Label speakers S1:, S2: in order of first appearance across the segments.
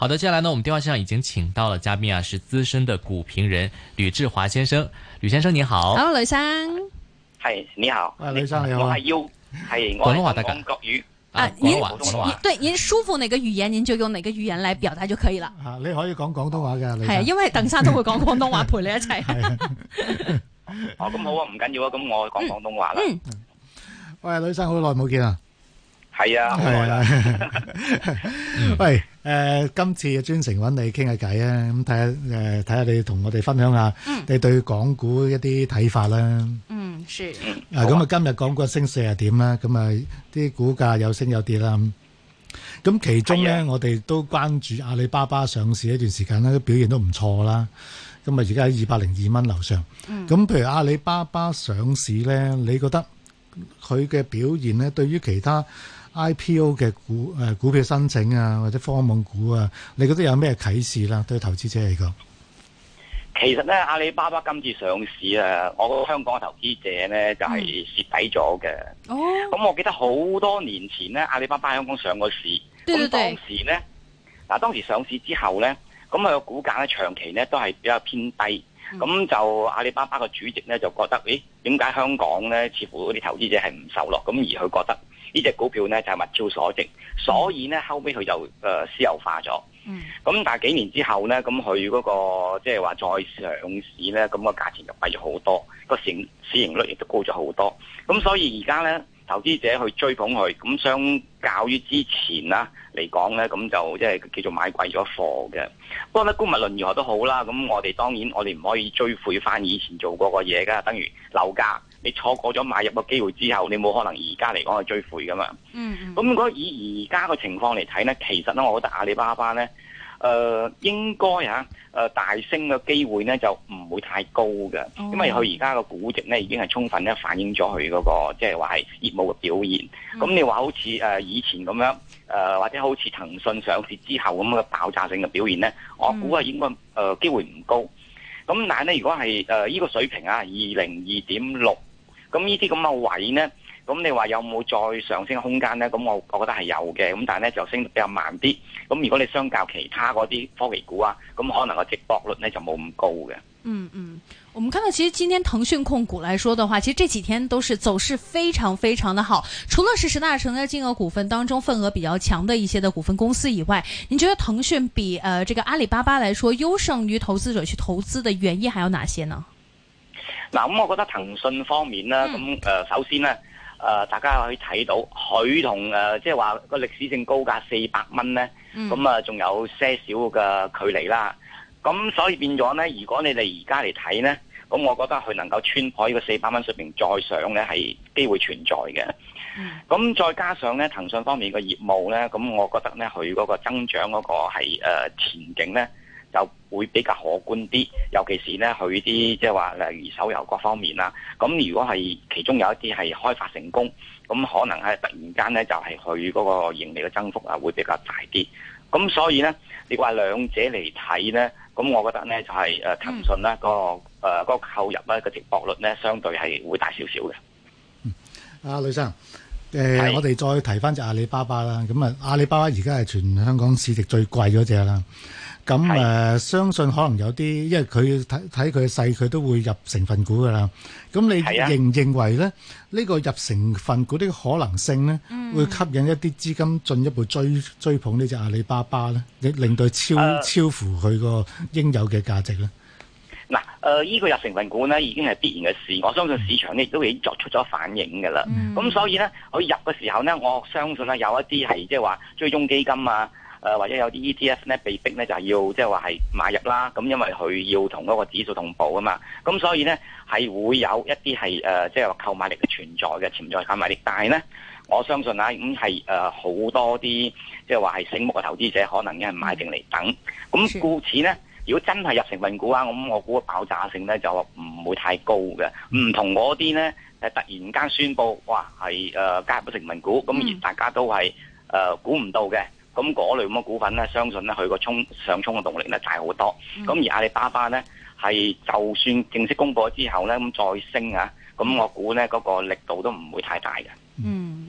S1: 好的，接下來呢，我們電話線上已經請到了嘉賓啊，是資深的股評人呂志華先生。呂先生你好。Hello，呂生。嗨，
S2: 你好。喂，呂、hey, 生你
S1: 好。我係要係
S3: 廣東話大家講國
S2: 語啊。您、啊、您、啊、對您舒服哪個語言，您就用哪個語言來表達就可以
S3: 了。你可以講廣東話嘅，係啊，因
S2: 為鄧生都會講廣東話陪你一齊。哦，咁好啊，唔緊要啊，
S3: 咁我講廣東話啦、嗯。喂，呂生，好耐冇見 啊。
S1: 係啊，好耐啦。
S3: 喂。誒、呃，今次專程揾你傾下偈啊！咁睇下，誒、呃，睇下你同我哋分享下你對港股一啲睇法啦。嗯，
S4: 嗯啊，咁啊，
S3: 今日港股升勢係點啦，咁啊，啲股價有升有跌啦。咁其中咧，我哋都關注阿里巴巴上市一段時間啦，都表現都唔錯啦。咁啊，而家喺二百零二蚊樓上。咁，譬如阿里巴巴上市咧，你覺得佢嘅表現咧，對於其他？IPO 嘅股誒股票申請啊，或者科網股啊，你覺得有咩啟示啦、啊？對投資者嚟講，
S1: 其實咧阿里巴巴今次上市啊，我個香港嘅投資者咧、嗯、就係蝕底咗嘅。哦，咁我記得好多年前咧，阿里巴巴香港上過市，咁當時咧，嗱當時上市之後咧，咁佢個股價咧長期咧都係比較偏低，咁、嗯、就阿里巴巴個主席咧就覺得，咦點解香港咧似乎啲投資者係唔受落，咁而佢覺得。呢隻股票咧就係物超所值，所以咧後尾佢就誒、呃、私有化咗。咁、嗯、但係幾年之後咧，咁佢嗰個即係話再上市咧，咁、那個價錢就貴咗好多，那個市市盈率亦都高咗好多。咁所以而家咧，投資者去追捧佢，咁相較於之前啦嚟講咧，咁就即、就、係、是、叫做買貴咗貨嘅。不過咧，姑勿論如何都好啦，咁我哋當然我哋唔可以追悔返以前做過個嘢㗎，等於樓價。你錯過咗買入個機會之後，你冇可能而家嚟講去追悔噶嘛？嗯，咁如果以而家個情況嚟睇咧，其實咧，我覺得阿里巴巴咧，誒、呃，應該吓誒大升嘅機會咧就唔會太高嘅、哦，因為佢而家個估值咧已經係充分咧反映咗佢嗰個即係話係業務嘅表現。咁、嗯、你話好似誒以前咁樣誒、呃，或者好似騰訊上市之後咁嘅爆炸性嘅表現咧，我估啊應該誒機會唔高。咁但係咧，如果係誒呢個水平啊，二零二點六。咁呢啲咁嘅位呢？咁你話有冇再上升空間呢？咁我我覺得係有嘅，咁但係呢就升得比較慢啲。咁如果你相較其他嗰啲科技股啊，咁可能個值博率呢就冇咁高嘅。嗯
S2: 嗯，我們看到其實今天騰訊控股來說的話，其實這幾天都是走勢非常非常的好。除了是十大成交金額股份當中份額比較強的一些的股份公司以外，你覺得騰訊比誒、呃、這個阿里巴巴來說優勝於投資者去投資的原因還有哪些呢？
S1: 嗱、啊，咁我覺得騰訊方面咧，咁、mm. 誒、呃、首先咧，誒、呃、大家可以睇到佢同誒即係話個歷史性高價四百蚊咧，咁啊仲有些少嘅距離啦。咁所以變咗咧，如果你哋而家嚟睇咧，咁我覺得佢能夠穿破呢個四百蚊水平再上咧，係機會存在嘅。咁、mm. 再加上咧，騰訊方面嘅業務咧，咁我覺得咧，佢嗰個增長嗰個係、呃、前景咧，就會比較可觀啲，尤其是呢，佢啲即係話例如手遊各方面啦。咁如果係其中有一啲係開發成功，咁可能係突然間呢，就係佢嗰個盈利嘅增幅啊，會比較大啲。咁所以呢，你話兩者嚟睇呢，咁我覺得呢就係誒騰訊咧個誒嗰、那個購入咧個市盈率呢，相對係會大少少嘅。
S3: 阿呂生，誒、呃呃、我哋再提翻隻阿里巴巴啦，咁啊阿里巴巴而家係全香港市值最貴嗰隻啦。咁誒、啊呃，相信可能有啲，因為佢睇睇佢嘅勢，佢都會入成分股噶啦。咁你認唔認為咧，呢、啊這個入成分股啲可能性呢、嗯、會吸引一啲資金進一步追追捧呢隻阿里巴巴咧，令令到超、啊、超乎佢個應有嘅價值咧。
S1: 嗱、呃，呢、這個入成分股呢已經係必然嘅事，我相信市場亦都已經作出咗反應㗎啦。咁、嗯、所以呢，佢入嘅時候呢，我相信呢有一啲係即係話追蹤基金啊。誒或者有啲 ETF 咧被逼咧就係要即係話係買入啦，咁因為佢要同嗰個指數同步啊嘛，咁所以咧係會有一啲係誒即係話購買力嘅存在嘅潛在購買力，但係咧我相信啦，已經係誒好多啲即係話係醒目嘅投資者可能已經係買定嚟等，咁故此咧，如果真係入成分股啊，咁我估爆炸性咧就唔會太高嘅，唔同嗰啲咧係突然間宣布哇係誒加入個成分股，咁而大家都係誒估唔到嘅。咁嗰類咁嘅股份咧，相信咧佢個衝上衝嘅動力咧大好多。咁、嗯、而阿里巴巴咧，係就算正式公布咗之後咧，咁再升啊，咁我估咧嗰、嗰個力度都唔會太大嘅。嗯。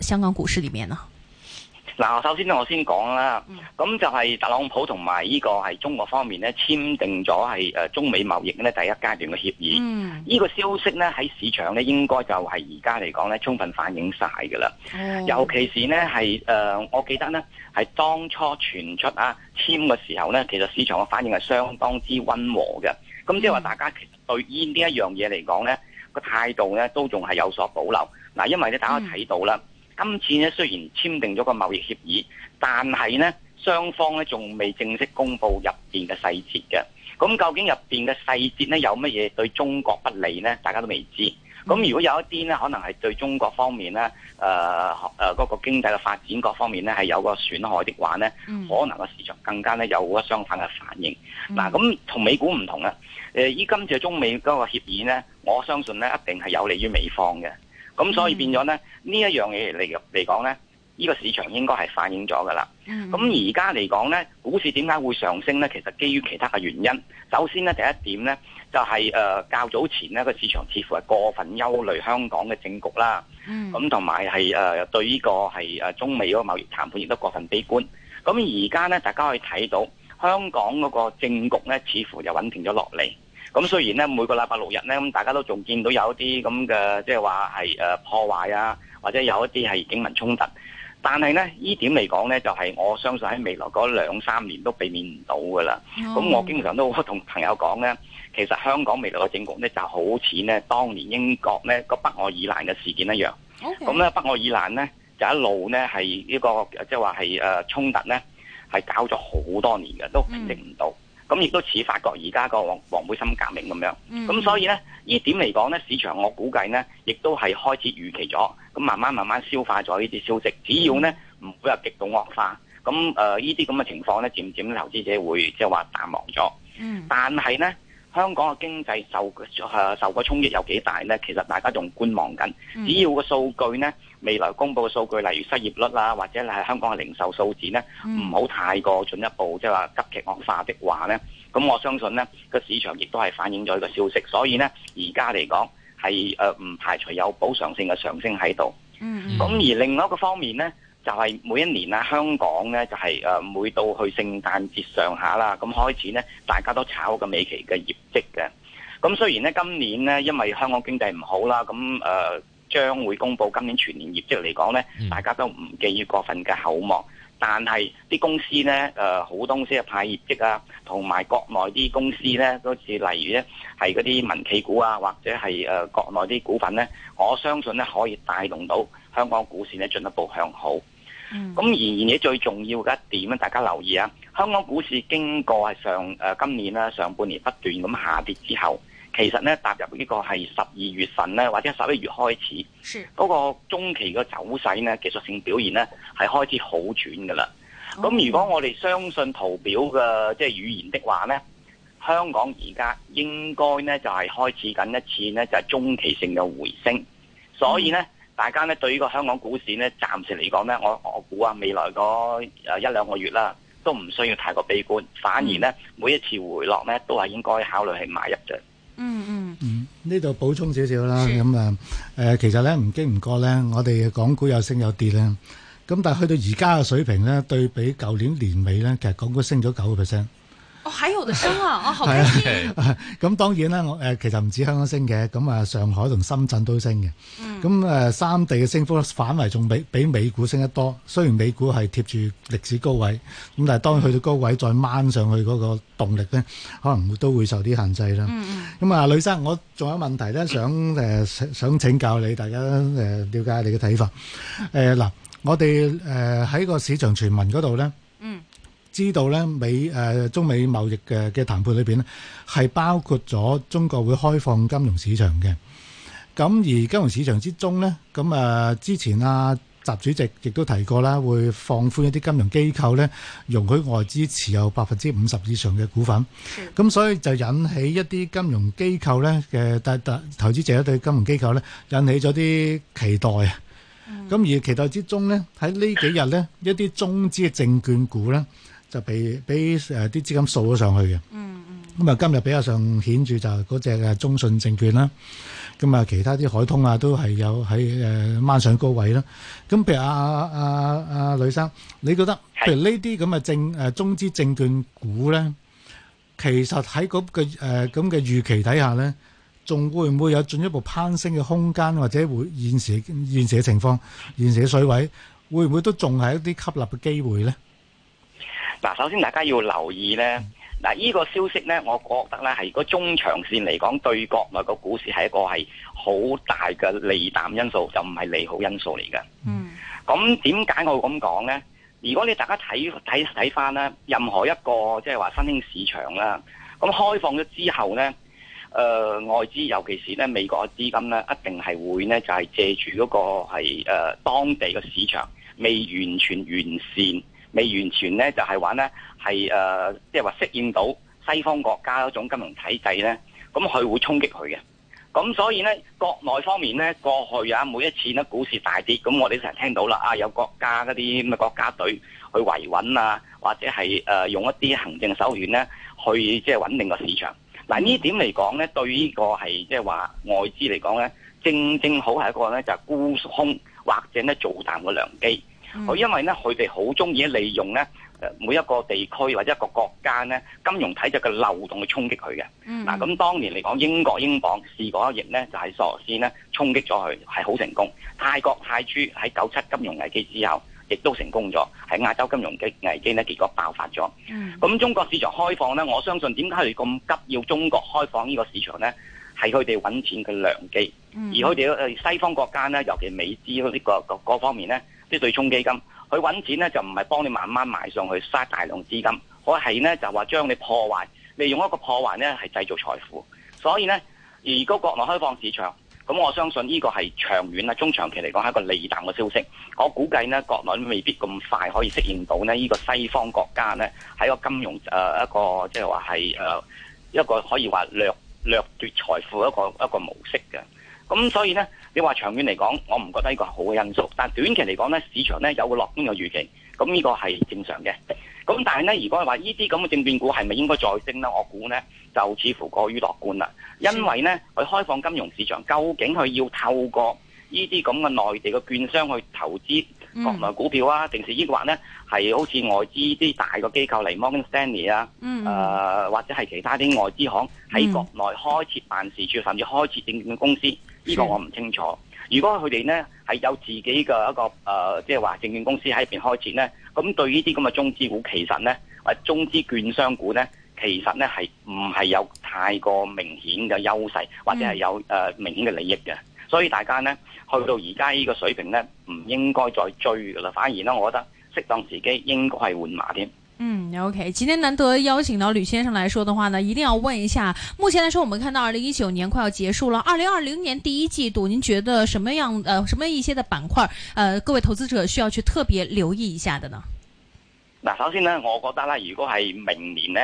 S2: 香港股市裏面呢？
S1: 嗱，首先我先講啦。咁就係特朗普同埋呢個係中國方面呢簽訂咗係誒中美貿易第一階段嘅協議。嗯，呢個消息呢，喺市場呢應該就係而家嚟講呢充分反映晒噶啦。尤其是呢，係誒我記得呢，係當初傳出啊簽嘅時候呢，其實市場嘅反應係相當之溫和嘅。咁即係話大家其實對呢呢一樣嘢嚟講呢個態度呢，都仲係有所保留。嗱，因為你大家睇到啦。嗯今次咧雖然簽訂咗個貿易協議，但係咧雙方咧仲未正式公布入邊嘅細節嘅。咁究竟入邊嘅細節咧有乜嘢對中國不利咧？大家都未知。咁如果有一啲咧，可能係對中國方面咧，誒誒嗰個經濟嘅發展各方面咧係有個損害的話咧，嗯，可能個市場更加咧有個相反嘅反應。嗱、嗯，咁同美股唔同啊。誒，依、呃、今次的中美嗰個協議咧，我相信咧一定係有利於美方嘅。咁所以變咗咧，mm. 呢一樣嘢嚟嚟講咧，依個市場應該係反映咗噶啦。
S4: 咁而家
S1: 嚟講咧，股市點解會上升咧？其實基於其他嘅原因。首先咧，第一點咧，就係誒較早前咧個市場似乎係過分憂慮香港嘅政局啦。咁同埋係誒對呢個係誒中美嗰個貿易談判亦都過分悲觀。咁而家咧，大家可以睇到香港嗰個政局咧，似乎就穩定咗落嚟。咁雖然咧，每個禮拜六日咧，咁大家都仲見到有一啲咁嘅，即係話係誒破壞啊，或者有一啲係警民衝突，但係咧呢點嚟講咧，就係、是、我相信喺未來嗰兩三年都避免唔到噶啦。咁、oh. 我經常都同朋友講咧，其實香港未來嘅政局咧，就好似咧當年英國咧個北愛爾蘭嘅事件一樣。
S4: 咁、Okay. 咧北
S1: 愛爾蘭咧就一路咧係呢、這個即係話係誒衝突咧，係搞咗好多年嘅，都平靜唔到。Oh. 咁亦都似法國而家個黃黃背心革命咁樣，咁、嗯、所以呢，呢點嚟講呢，市場我估計呢，亦都係開始預期咗，咁慢慢慢慢消化咗呢啲消息。只要呢唔會有極度惡化，咁誒呢啲咁嘅情況呢，漸漸投資者會即係話淡忘咗、嗯。但係呢，香港嘅經濟受誒受個衝擊有幾大呢？其實大家仲觀望緊，只要個數據呢，未來公布嘅數據，例如失業率啊，或者係香港嘅零售數字呢，唔、嗯、好太過進一步即係話急劇惡化的話呢。咁我相信呢個市場亦都係反映咗呢個消息，所以呢，而家嚟講係誒唔排除有補償性嘅上升喺度。
S4: 咁、嗯、而
S1: 另外一個方面呢，就係、是、每一年啊，香港呢就係、是、誒每到去聖誕節上下啦，咁開始呢，大家都炒個美期嘅業績嘅。咁雖然呢，今年呢，因為香港經濟唔好啦，咁誒。呃將會公布今年全年業績嚟講呢，大家都唔寄予過份嘅厚望，但係啲公司呢，誒好多公司嘅派業績啊，同埋國內啲公司呢，都似例如呢係嗰啲民企股啊，或者係國內啲股份呢，我相信呢可以帶動到香港股市呢進一步向好。
S4: 咁、嗯、而
S1: 而最重要嘅一點咧，大家留意啊，香港股市經過係上、呃、今年啦上半年不斷咁下跌之後。其實咧，踏入呢個係十二月份咧，或者十一月開始，嗰、那個中期嘅走勢呢，技術性表現呢，係開始好轉噶啦。咁如果我哋相信圖表嘅即係語言的話呢，香港而家應該呢，就係、是、開始緊一次呢，就係、是、中期性嘅回升。所以呢，嗯、大家呢對於呢個香港股市呢，暫時嚟講呢，我我估啊，未來嗰誒一兩個月啦，都唔需要太過悲觀，反而呢，每一次回落呢，都係應該考慮去買入嘅。
S3: 嗯嗯嗯，呢、嗯、度、嗯、補充少少啦，咁啊誒，其實咧唔經唔過咧，我哋港股有升有跌咧，咁但係去到而家嘅水平咧，對比舊年年尾咧，其實港股升咗九個 percent。還有得升啊！好開心。咁當然啦，我誒其實唔止香港升嘅，咁啊上海同深圳都升嘅。咁誒三地嘅升幅反為仲比，比美股升得多。雖然美股係貼住歷史高位，咁但係當然去到高位再掹上去嗰個動力咧，可能都會受啲限制啦。咁啊，呂生，我仲有問題咧，想誒想請教你，大家誒瞭解下你嘅睇法。誒嗱，我哋誒喺個市場傳聞嗰度咧。知道咧美、誒中美貿易嘅嘅談判裏邊咧，係包括咗中國會開放金融市場嘅。咁而金融市場之中咧，咁之前啊習主席亦都提過啦，會放寬一啲金融機構咧，容許外資持有百分之五十以上嘅股份。咁所以就引起一啲金融機構咧嘅投資者對金融機構咧引起咗啲期待。咁而期待之中咧，喺呢幾日咧，一啲中資嘅證券股咧，就俾俾誒啲資金掃咗上去嘅，咁、嗯、啊、嗯、今日比較上顯著就嗰隻嘅中信證券啦，咁啊其他啲海通啊都係有喺誒掹上高位啦。咁譬如阿阿阿呂生，你覺得譬如呢啲咁嘅證誒中資證券股咧，其實喺嗰、那個咁嘅、呃、預期底下咧，仲會唔會有進一步攀升嘅空間，或者會現時現時嘅情況、現時嘅水位，會唔會都仲係一啲吸納嘅機會咧？
S1: 嗱，首先大家要留意咧，嗱、這、依個消息咧，我覺得咧係個中長線嚟講，對國內個股市係一個係好大嘅利淡因素，就唔係利好因素嚟嘅。嗯。咁點解我咁講咧？如果你大家睇睇睇翻咧，任何一個即係話新興市場啦，咁開放咗之後咧，誒、呃、外資尤其是咧美國嘅資金咧，一定係會咧就係借住嗰、那個係當、呃、當地嘅市場未完全完善。未完全咧，就係話咧，係誒，即係話適應到西方國家嗰種金融體制咧，咁佢會衝擊佢嘅。咁所以咧，國內方面咧，過去啊，每一次咧股市大跌，咁我哋成日聽到啦，啊有國家嗰啲咁嘅國家隊去維穩啊，或者係誒、呃、用一啲行政手段咧去即係穩定個市場。嗱呢點嚟講咧，對於呢個係即係話外資嚟講咧，正正好係一個咧就係沽空或者咧做淡嘅良機。佢、嗯、因為咧，佢哋好中意利用咧，誒、呃、每一個地區或者一個國家咧，金融體制嘅漏洞去衝擊佢嘅。嗱、嗯，咁、啊、當年嚟講，英國英鎊試過一役咧，就係索羅斯咧衝擊咗佢，係好成功。泰國泰銖喺九七金融危機之後，亦都成功咗喺亞洲金融嘅危機咧，結果爆發咗。咁、嗯、中國市場開放咧，我相信點解佢哋咁急要中國開放呢個市場咧，係佢哋揾錢嘅良機。嗯、而佢哋誒西方國家咧，尤其美資呢、這個各各方面咧。啲對沖基金，佢揾錢咧就唔係幫你慢慢買上去，嘥大量資金，可係咧就話將你破壞，利用一個破壞咧係製造財富。所以呢，而如果國內開放市場，咁我相信呢個係長遠啊、中長期嚟講係一個利淡嘅消息。我估計呢，國內未必咁快可以適應到呢。呢、這個西方國家呢喺個金融誒、呃、一個即係話係誒一個可以話掠掠奪財富一個一個模式嘅。咁所以咧，你話長遠嚟講，我唔覺得呢個係好嘅因素。但短期嚟講咧，市場咧有個樂觀嘅預期，咁呢個係正常嘅。咁但係咧，如果係話呢啲咁嘅證券股係咪應該再升咧？我估咧就似乎過於樂觀啦。因為咧，佢開放金融市場，究竟佢要透過呢啲咁嘅內地嘅券商去投資國內股票啊，嗯、定係抑或咧係好似外資啲大嘅機構嚟，Morgan Stanley 啊，嗯嗯呃、或者係其他啲外資行喺國內開設辦事處，甚至開設證券公司。呢個我唔清楚。如果佢哋呢係有自己嘅一個誒，即係話證券公司喺入邊開展呢，咁對呢啲咁嘅中資股其實呢或者中資券商股呢，其實呢係唔係有太過明顯嘅優勢，或者係有誒、呃、明顯嘅利益嘅。所以大家呢，去到而家呢個水平呢，唔應該再追噶啦。反而呢，我覺得適當時機應該係換馬添。
S2: 嗯，OK，今天難得邀請到呂先生來說的話呢，一定要問一下，目前來說，我們看到二零一九年快要結束了，二零二零年第一季度，您覺得什麼樣？呃，什麼一些的板塊？呃，各位投資者需要去特別留意一下的呢？
S1: 嗱，首先呢，我覺得啦，如果係明年呢，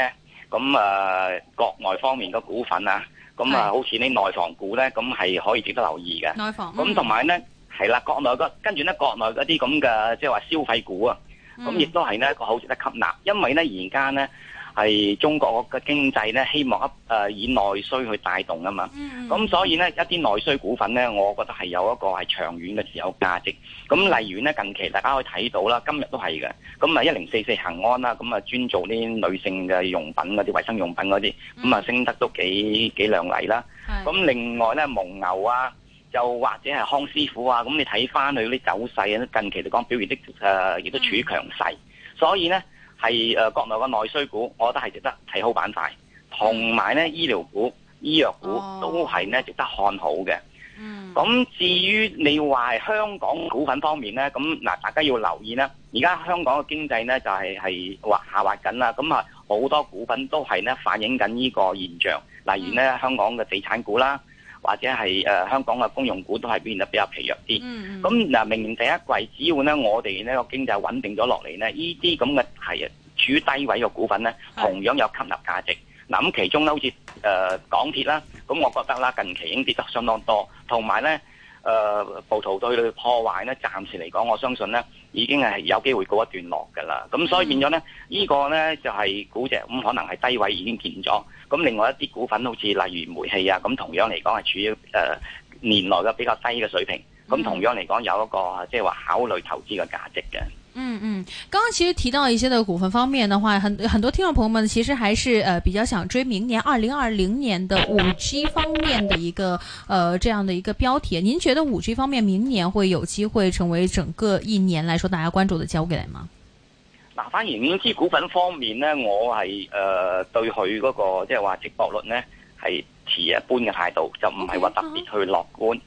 S1: 咁、嗯、啊、呃，國內方面嘅股份啊，咁、嗯、啊，好似呢內房股呢，咁、嗯、係可以值得留意嘅。內房股咁同埋呢，係啦，國內嘅，跟住呢，國內嗰啲咁嘅，即係話消費股啊。咁亦都係呢一個好值得吸納。因為呢而家呢係中國嘅經濟呢，希望以內需去帶動啊嘛，咁、嗯、所以呢，一啲內需股份呢，我覺得係有一個係長遠嘅持有價值。咁例如呢近期大家可以睇到啦，今日都係嘅，咁啊一零四四恒安啦，咁啊專做啲女性嘅用品嗰啲衞生用品嗰啲，咁啊升得都幾幾靚麗啦。咁另外呢，蒙牛啊。又或者係康師傅啊，咁你睇翻佢啲走勢啊，近期嚟講表現的，誒、啊，亦都處於強勢，嗯、所以呢係、呃、國內嘅內需股，我覺得係值得睇好板塊，同埋呢醫療股、醫藥股都係呢值得看好嘅。咁、嗯、至於你話香港股份方面呢，咁嗱，大家要留意啦。而家香港嘅經濟呢，就係係滑下滑緊啦，咁啊好多股份都係呢反映緊呢個現象，例如呢、嗯、香港嘅地產股啦。或者係誒、呃、香港嘅公用股都係變得比較疲弱啲。咁嗱，明年第一季，只要咧我哋呢個經濟穩定咗落嚟咧，呢啲咁嘅係啊，處於低位嘅股份咧，同樣有吸納價值。嗱，咁其中咧好似誒港鐵啦，咁我覺得啦，近期已經跌得相當多，同埋咧。誒、呃、暴徒對佢破壞咧，暫時嚟講，我相信咧已經係有機會告一段落㗎啦。咁所以變咗咧，嗯這個、呢個咧就係、是、估值咁，可能係低位已經見咗。咁另外一啲股份，好似例如煤氣啊，咁同樣嚟講係處於誒、呃、年內嘅比較低嘅水平。咁同樣嚟講，有一個即係話考慮投資嘅價值嘅。
S2: 嗯嗯，剛剛其實提到一些的股份方面的話，很很多聽眾朋友們其實還是，呃，比較想追明年二零二零年的五 G 方面的一個，呃這樣的一個標題。您覺得五 G 方面明年會有機會成為整個一年來說大家關注的焦點嗎？
S1: 嗱、呃，反而五 G 股份方面呢，我係，誒、呃、對佢嗰、那個即係話市盈率呢係持一般嘅態度，就唔係話特別去樂觀。Okay, okay.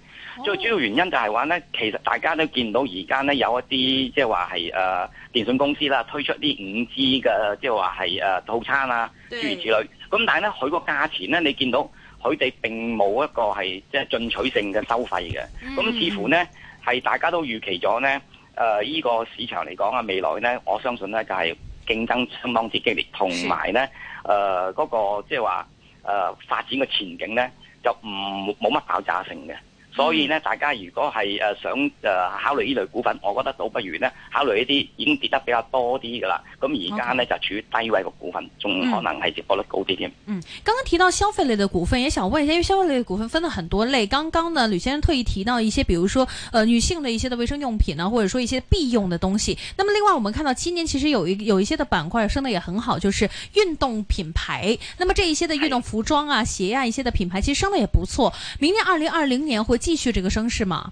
S1: 最主要原因就係話咧，其實大家都見到而家咧有一啲即係話係誒電信公司啦推出啲五 G 嘅即係話係誒套餐啊，諸如此類，咁但係咧佢個價錢咧你見到佢哋並冇一個係即係進取性嘅收費嘅，咁、嗯、似乎咧係大家都預期咗咧誒依個市場嚟講啊，未來咧，我相信咧就係、是、競爭相當之激烈，同埋咧誒嗰個即係話誒發展嘅前景咧就唔冇乜爆炸性嘅。所以呢，大家如果係誒想誒，呃，考慮呢類股份，我覺得倒不如呢考慮一啲已經跌得比較多啲嘅啦。咁而家呢，Okay. 就處於低位嘅股份，仲可能係跌幅率高啲添。嗯，
S2: 剛剛提到消費類嘅股份，也想問一下，因為消費類嘅股份分了很多類。剛剛呢，呂先生特意提到一些，比如說呃，女性的一些的衛生用品啊，或者說一些必用的東西。那麼另外，我們看到今年其實有一有一些的板塊升得也很好，就是運動品牌。那麼這一些的運動服裝啊、鞋啊一些的品牌，其實升得也不錯。明年二零二零年會。繼續這個升市嘛？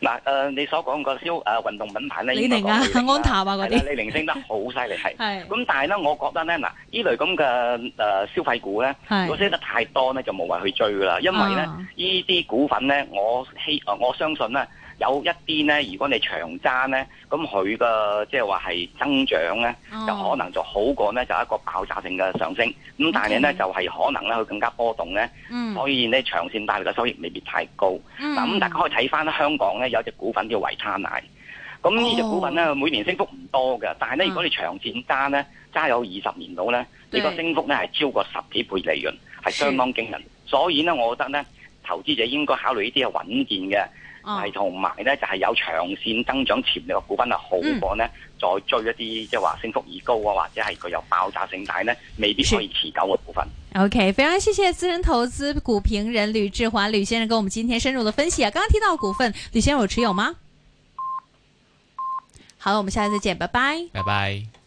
S1: 嗱，誒，你所講個消誒、呃、運動品牌咧，李寧啊，安踏啊啲，李寧升得好犀利，係。 係。咁但係咧，我覺得咧，嗱，呢類咁嘅誒消費股咧，我升得太多咧，就冇話去追噶啦，因為咧，呢 啲股份咧，我希誒我相信咧。有一啲咧，如果你長揸咧，咁佢嘅即係話係增長咧，oh. 就可能就好過咧，就一個爆炸性嘅上升。咁但係咧，mm-hmm. 就係可能咧，佢更加波動咧，mm-hmm. 所以咧長線帶嚟嘅收益未必太高。嗱、mm-hmm. 啊，咁大家可以睇翻香港咧，有一隻股份叫維他奶。咁呢隻股份咧每年升幅唔多嘅，但係咧如果你長線揸咧，揸、mm-hmm. 有二十年到咧，呢、mm-hmm. 個升幅咧係超過十幾倍利潤，係相當驚人。Mm-hmm. 所以咧，我覺得咧，投資者應該考慮呢啲係穩健嘅。係同埋呢，就係、是、有長線增長潛力嘅股份，係好過呢，嗯、再追一啲即係話升幅已高啊，或者係佢有爆炸性大呢，未必可以持久嘅股份。
S2: OK，非常謝謝資深投資股評人呂志華呂先生，跟我們今天深入的分析啊。剛剛提到嘅股份，呂先生有持有嗎？好，我們下次再見，拜
S1: 拜，拜拜。